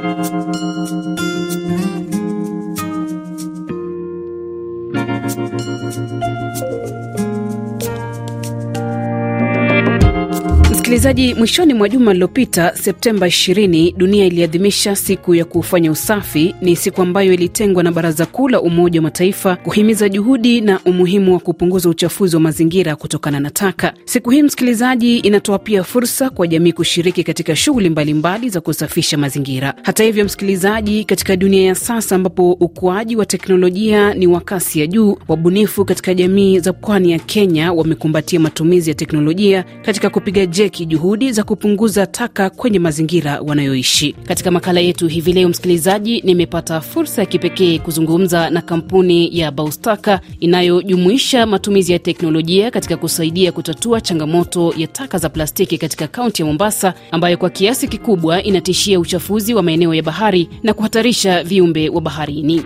thank you Msikilizaji, mwishoni mwa juma lililopita, Septemba 20, dunia iliadhimisha siku ya kufanya usafi. Ni siku ambayo ilitengwa na Baraza Kuu la Umoja wa Mataifa kuhimiza juhudi na umuhimu wa kupunguza uchafuzi wa mazingira kutokana na taka. Siku hii, msikilizaji, inatoa pia fursa kwa jamii kushiriki katika shughuli mbalimbali za kusafisha mazingira. Hata hivyo, msikilizaji, katika dunia ya sasa ambapo ukuaji wa teknolojia ni wa kasi ya juu, wabunifu katika jamii za pwani ya Kenya wamekumbatia matumizi ya teknolojia katika kupiga jeki juhudi za kupunguza taka kwenye mazingira wanayoishi. Katika makala yetu hivi leo, msikilizaji, nimepata fursa ya kipekee kuzungumza na kampuni ya Baustaka inayojumuisha matumizi ya teknolojia katika kusaidia kutatua changamoto ya taka za plastiki katika kaunti ya Mombasa, ambayo kwa kiasi kikubwa inatishia uchafuzi wa maeneo ya bahari na kuhatarisha viumbe wa baharini.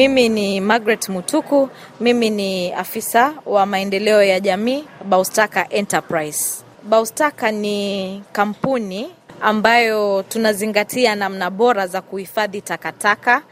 Mimi ni Margaret Mutuku, mimi ni afisa wa maendeleo ya jamii Baustaka Enterprise. Baustaka ni kampuni ambayo tunazingatia namna bora za kuhifadhi takataka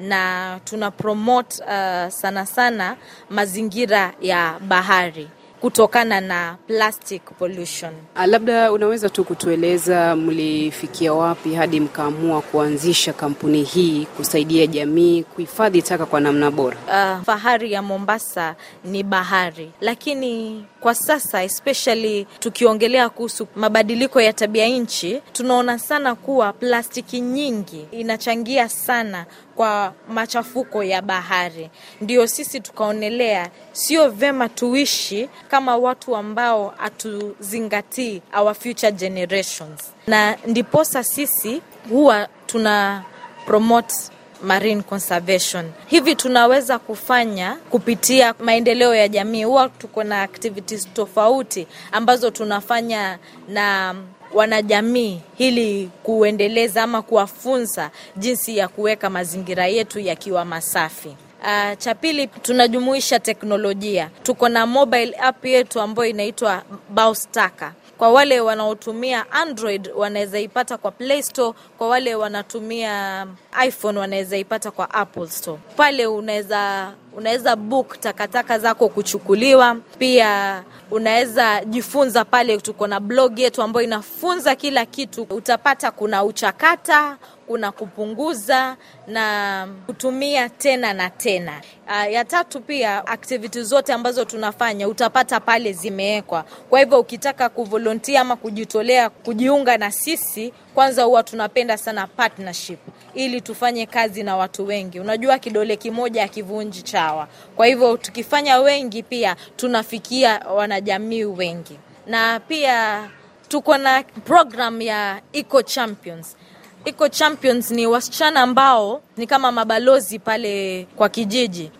na tuna promote uh, sana sana mazingira ya bahari kutokana na plastic pollution. Ah, labda unaweza tu kutueleza mlifikia wapi hadi mkaamua kuanzisha kampuni hii kusaidia jamii kuhifadhi taka kwa namna bora? Uh, fahari ya Mombasa ni bahari, lakini kwa sasa especially tukiongelea kuhusu mabadiliko ya tabia nchi, tunaona sana kuwa plastiki nyingi inachangia sana kwa machafuko ya bahari. Ndio sisi tukaonelea sio vema tuishi kama watu ambao hatuzingatii our future generations, na ndiposa sisi huwa tuna promote marine conservation. Hivi tunaweza kufanya kupitia maendeleo ya jamii. Huwa tuko na activities tofauti ambazo tunafanya na wanajamii ili kuendeleza ama kuwafunza jinsi ya kuweka mazingira yetu yakiwa masafi. Uh, cha pili tunajumuisha teknolojia. Tuko na mobile app yetu ambayo inaitwa Baustaka. Kwa wale wanaotumia Android wanaweza ipata kwa Play Store, kwa wale wanatumia iPhone wanaweza ipata kwa Apple Store. Pale unaweza unaweza book takataka zako kuchukuliwa. Pia unaweza jifunza pale, tuko na blog yetu ambayo inafunza kila kitu. Utapata kuna uchakata kuna kupunguza na kutumia tena na tena. Uh, ya tatu pia activity zote ambazo tunafanya utapata pale zimewekwa. Kwa hivyo ukitaka kuvolunteer ama kujitolea kujiunga na sisi, kwanza huwa tunapenda sana partnership ili tufanye kazi na watu wengi. Unajua kidole kimoja akivunji chawa. Kwa hivyo tukifanya wengi, pia tunafikia wanajamii wengi, na pia tuko na program ya Eco Champions iko Champions ni wasichana ambao ni kama mabalozi pale kwa kijiji,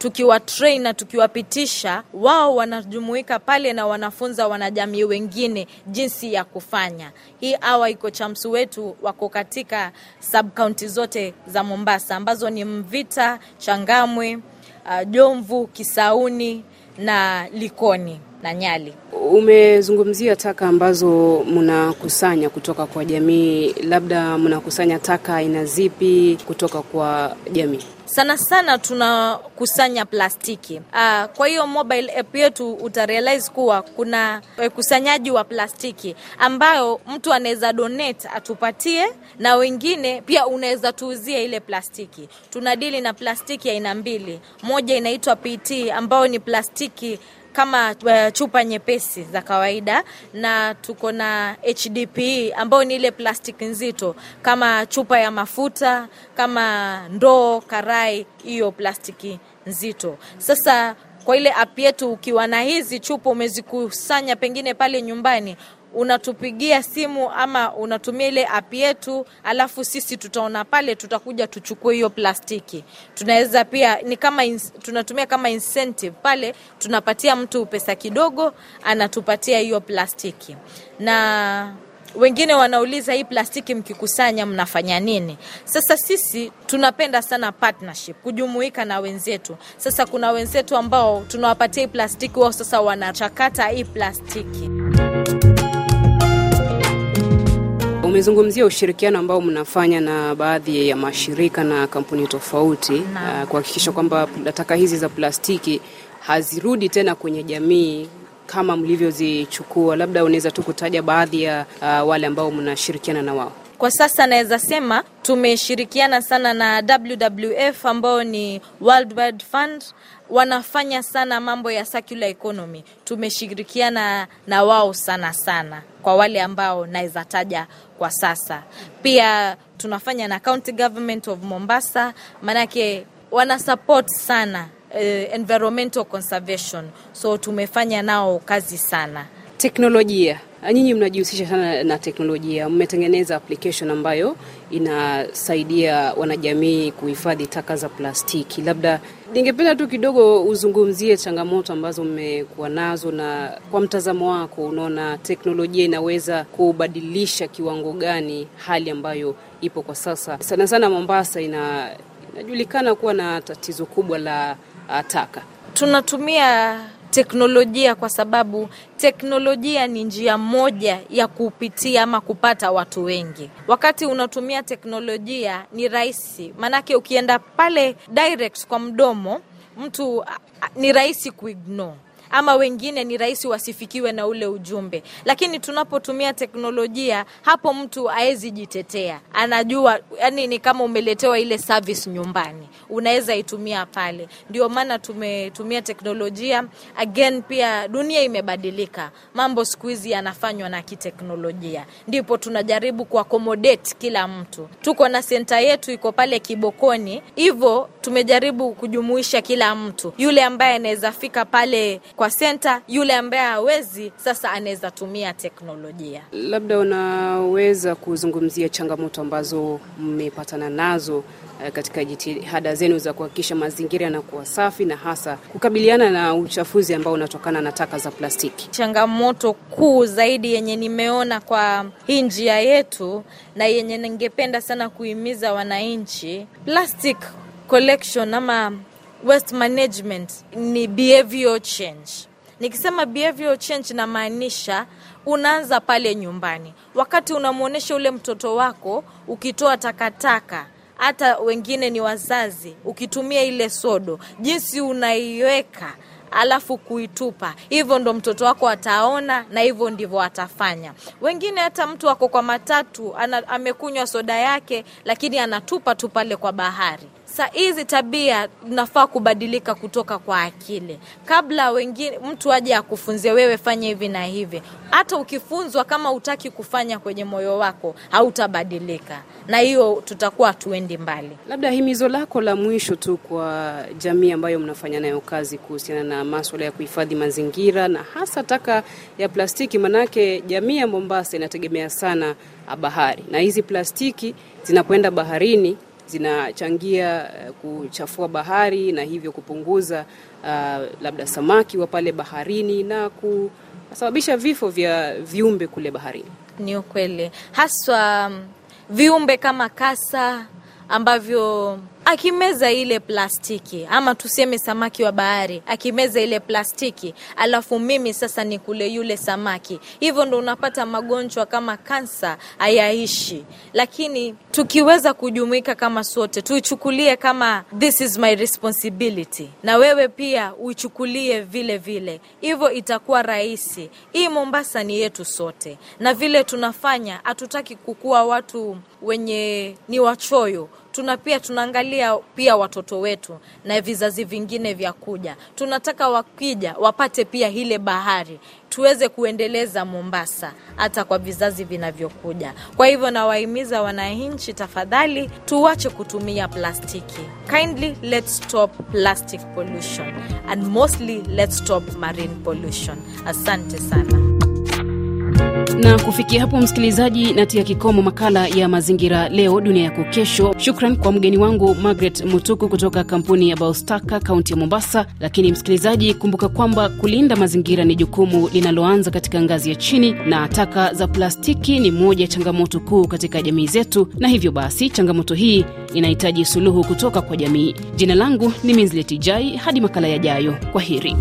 train na tukiwapitisha, wao wanajumuika pale na wanafunza wanajamii wengine jinsi ya kufanya. Hii awa iko Champs wetu wako katika sub county zote za Mombasa ambazo ni Mvita, Changamwe, uh, Jomvu, Kisauni na Likoni na Nyali. Umezungumzia taka ambazo mnakusanya kutoka kwa jamii, labda mnakusanya taka aina zipi kutoka kwa jamii? Sana sana tunakusanya plastiki. Aa, ah, kwa hiyo mobile app yetu utarealize kuwa kuna ukusanyaji wa plastiki ambayo mtu anaweza donate atupatie, na wengine pia unaweza tuuzie ile plastiki. tuna dili na plastiki aina mbili, moja inaitwa PET ambayo ni plastiki kama uh, chupa nyepesi za kawaida, na tuko na HDPE ambayo ni ile plastiki nzito kama chupa ya mafuta, kama ndoo, karai, hiyo plastiki nzito. Sasa kwa ile app yetu ukiwa na hizi chupa umezikusanya pengine pale nyumbani, unatupigia simu ama unatumia ile app yetu, alafu sisi tutaona pale, tutakuja tuchukue hiyo plastiki. Tunaweza pia ni kama ins, tunatumia kama incentive pale, tunapatia mtu pesa kidogo, anatupatia hiyo plastiki. Na wengine wanauliza hii plastiki mkikusanya mnafanya nini? Sasa sisi tunapenda sana partnership, kujumuika na wenzetu. Sasa kuna wenzetu ambao tunawapatia hii plastiki, wao sasa wanachakata hii plastiki. Umezungumzia ushirikiano ambao mnafanya na baadhi ya mashirika na kampuni tofauti uh, kuhakikisha kwamba taka hizi za plastiki hazirudi tena kwenye jamii kama mlivyozichukua. Labda unaweza tu kutaja baadhi ya uh, wale ambao mnashirikiana na wao. Kwa sasa naweza sema tumeshirikiana sana na WWF ambao ni World Wide Fund, wanafanya sana mambo ya circular economy. Tumeshirikiana na wao sana sana, kwa wale ambao naweza taja kwa sasa. Pia tunafanya na County Government of Mombasa, maanake wana support sana Uh, environmental conservation so tumefanya nao kazi sana. Teknolojia, ah, nyinyi mnajihusisha sana na teknolojia, mmetengeneza application ambayo inasaidia wanajamii kuhifadhi taka za plastiki. Labda ningependa tu kidogo uzungumzie changamoto ambazo mmekuwa nazo, na kwa mtazamo wako unaona teknolojia inaweza kubadilisha kiwango gani hali ambayo ipo kwa sasa? Sana sana Mombasa ina, inajulikana kuwa na tatizo kubwa la ah, taka. Tunatumia teknolojia kwa sababu teknolojia ni njia moja ya kupitia ama kupata watu wengi. Wakati unatumia teknolojia ni rahisi, maanake ukienda pale direct kwa mdomo mtu ni rahisi kuignore ama wengine ni rahisi wasifikiwe na ule ujumbe. Lakini tunapotumia teknolojia, hapo mtu aezi jitetea, anajua yani ni kama umeletewa ile service nyumbani, unaweza itumia pale. Ndio maana tumetumia teknolojia again. Pia dunia imebadilika, mambo siku hizi yanafanywa na kiteknolojia, ndipo tunajaribu kuaccommodate kila mtu. Tuko na senta yetu iko pale Kibokoni, hivyo tumejaribu kujumuisha kila mtu, yule ambaye anaweza fika pale kwa senta, yule ambaye hawezi sasa anaweza tumia teknolojia. Labda unaweza kuzungumzia changamoto ambazo mmepatana nazo eh, katika jitihada zenu za kuhakikisha mazingira yanakuwa safi na hasa kukabiliana na uchafuzi ambao unatokana na taka za plastiki. Changamoto kuu zaidi yenye nimeona kwa hii njia yetu na yenye ningependa sana kuhimiza wananchi, plastic collection ama waste management ni behavior change. Nikisema behavior change, namaanisha unaanza pale nyumbani, wakati unamwonyesha ule mtoto wako ukitoa takataka hata wengine ni wazazi, ukitumia ile sodo, jinsi unaiweka alafu kuitupa, hivyo ndo mtoto wako ataona, na hivyo ndivyo atafanya. Wengine hata mtu ako kwa matatu ana, amekunywa soda yake, lakini anatupa tu pale kwa bahari. Sa hizi tabia nafaa kubadilika kutoka kwa akili, kabla wengine mtu aje akufunzie wewe fanye hivi na hivi. Hata ukifunzwa kama utaki kufanya kwenye moyo wako, hautabadilika na hiyo tutakuwa tuendi mbali. Labda himizo lako la mwisho tu kwa jamii ambayo mnafanya nayo kazi kuhusiana na maswala ya kuhifadhi mazingira na hasa taka ya plastiki, manake jamii ya Mombasa inategemea sana bahari na hizi plastiki zinapoenda baharini zinachangia eh, kuchafua bahari na hivyo kupunguza uh, labda samaki wa pale baharini na kusababisha vifo vya viumbe kule baharini. Ni ukweli haswa mm, viumbe kama kasa ambavyo akimeza ile plastiki ama tuseme samaki wa bahari akimeza ile plastiki, alafu mimi sasa ni kule yule samaki, hivyo ndo unapata magonjwa kama kansa hayaishi. Lakini tukiweza kujumuika kama sote, tuichukulie kama this is my responsibility, na wewe pia uichukulie vile vile, hivyo itakuwa rahisi. Hii Mombasa ni yetu sote, na vile tunafanya hatutaki kukuwa watu wenye ni wachoyo tuna pia tunaangalia pia watoto wetu na vizazi vingine vya kuja. Tunataka wakija wapate pia ile bahari tuweze kuendeleza Mombasa hata kwa vizazi vinavyokuja. Kwa hivyo nawahimiza wananchi, tafadhali tuache kutumia plastiki. Kindly let's stop plastic pollution and mostly let's stop marine pollution. Asante sana. Na kufikia hapo, msikilizaji, natia kikomo makala ya mazingira leo dunia yako kesho. Shukran kwa mgeni wangu magret Mutuku kutoka kampuni ya Baustaka kaunti ya Mombasa. Lakini msikilizaji, kumbuka kwamba kulinda mazingira ni jukumu linaloanza katika ngazi ya chini, na taka za plastiki ni moja ya changamoto kuu katika jamii zetu, na hivyo basi changamoto hii inahitaji suluhu kutoka kwa jamii. Jina langu ni Minzleti hadi makala yajayo, kwa heri.